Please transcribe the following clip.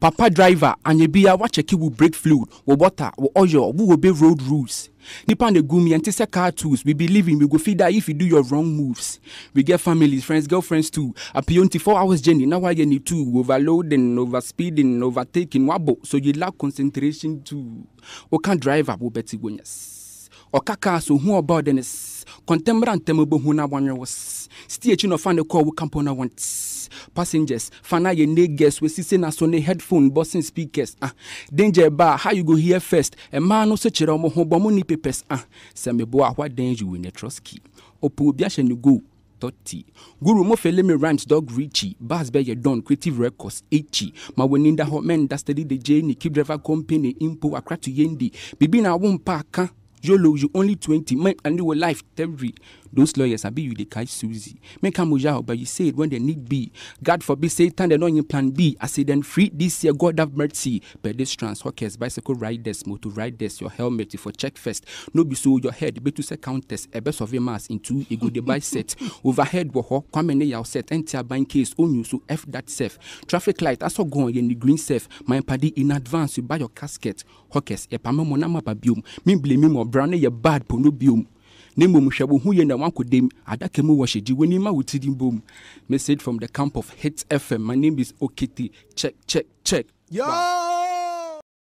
papa driver anya bia wakyɛke wo brake fluid wo bɔta wo oil wo wɔ bɛ road rules nipa na gum yɛn te sɛ car tools we be living we go fit die if you do your wrong moves we get families friends girlfriends too apio nti four hours journey na wayɛ ne too overloading overspeeding overtaking wabo. so you lack concentration too woka driver wo bɛte wonyas ɔkaka so hu ɔba ɔde ne kɔntɛmmra ntɛm bɛhu no abɔnwe wo stie akyi na ɔfa ne kɔɔ wo kampo no wɔn passengers fana yɛ neges wɔsise na so ne headphone boston speakers ah. danger ba how you go hear first mmaa e no so kyerɛ ɔmo ho bɔ mo ni papers ah. sɛ meboa a wadan you in a troski ɔpɛ obi ahyɛ ne go thirty guru mofelemi rhymes dog richie bass bɛyɛ don creative records echi ma wɔni da hɔ mɛn da de jane keep driver company impo akratu yendi bibi na awo mpa aka yolo you only twenty men and your life terry those lawyers abi you dey catch susie make am oya but you say it when they need be god forbid satan dem don yin plan b as e dem free this year god have mercy pedestrians hawkers bicycle riders motor riders your helmet you for check first no be so your head betu say countess ebe survey mass into e go dey buy set overhead wọ họ kwame neyaw set nti buying case onyun so f that sef traffic light aso asogun yẹn ni green sef my padi in advance you buy your casket hawkers ẹ pamọ́ mọ́ náà má bàbí mi blame mi mọ́ ɔbra no bad po no biom na mmom hwɛ wo ho yɛ dem. woakɔdam adaka mu wɔhyɛgye w'ani ma bom message from the camp of hit fm my name is Oketi. check check check Yo! Wow.